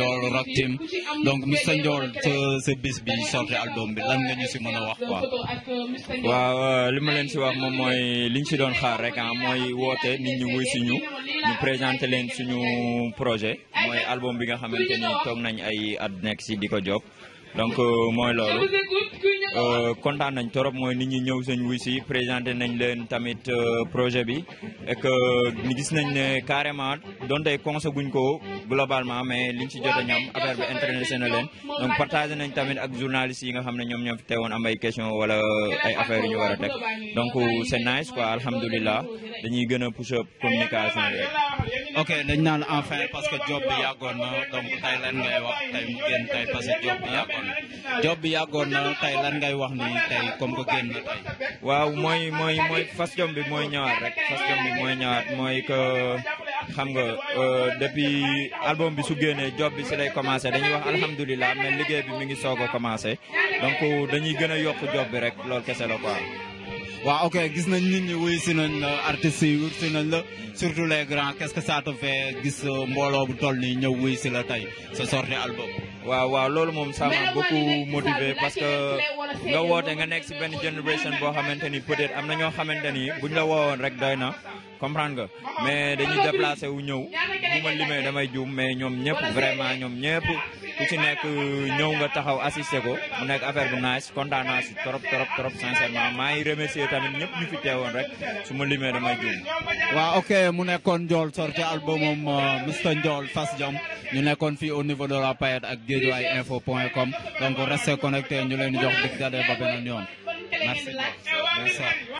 Ndiol Rock Team donc Mr Ndiol sa sa bis bi sorti album bi lan nga ñu si mën a wax quoi. waaw li ma leen si wax moom mooy li ñu si doon xaar rek ah mooy woote nit ñi wuy suñu ñu ñu présenté leen suñu projet. mooy album bi nga xamante ni toog nañ ay at nekk si di ko job donc euh, mooy loolu euh, kontaan nañ torop mooy nit ñuy ñëw seen wuy si présenté nañ leen tamit euh, projet bi et que gis nañ ne carrément donte tey conseguñ ko globalement mais liñ si jot a ñam affaire bi intéressé na leen donc partagé nañ tamit ak journalistes yi nga xam ne ñoom ñoom fi teewoon am ay question wala ay affaires yu ñu war a donc c'est nice quoi alhamdulilah dañuy gën a push up communication ok dañ naan enfin parce que job bi yàggoon na donc tey ngay wax tey mu génn tey parce job bi yàggoon na job bi yàggoon na tey lan ngay wax ni tey comme que génn na tey waaw mooy mooy fas jom bi mooy ñëwaat rek fas jom bi mooy ñëwaat mooy que xam nga euh, depuis album bi su génnee job bi si lay commencé dañuy wax alhamdulilah mais liggéey bi mi ngi soog a commencé donc dañuy gën a yokk job bi rek loolu kese la quoi waaw ok gis nañ nit ñi wuy si nañ la euh, artistes yi wuy si nañ la surtout les grands qu'est-ce que ça te fait gis euh, mbooloo bu toll nii ñëw wuy si la tey sa sorti album. waaw waaw loolu moom ça m'a beaucoup motivé parce que nga woote nga nekk si benn génération boo xamante ni peut-être am na ñoo xamante ni buñ la woowoon rek doy na comprendre nga ah, ah. mais dañuy déplacé wu ñëw bu ma limee damay juum mais ñoom ñëpp vraiment ñoom ñëpp. ku ci nekk ñëw nga taxaw assisté ko mu nekk affaire bu nice condamnation trop trop trop sincèrement maa ngi remercier tamit ñëpp ñu fi teewoon rek su ma limee damay jóg waaw ok mu nekkoon njool sorti albumam mr njool fas jom ñu nekkoon fii au niveau de la payette ak géejuwaay info point com donc resté connecté ñu leen jox dig dalee ba beneen yoon merci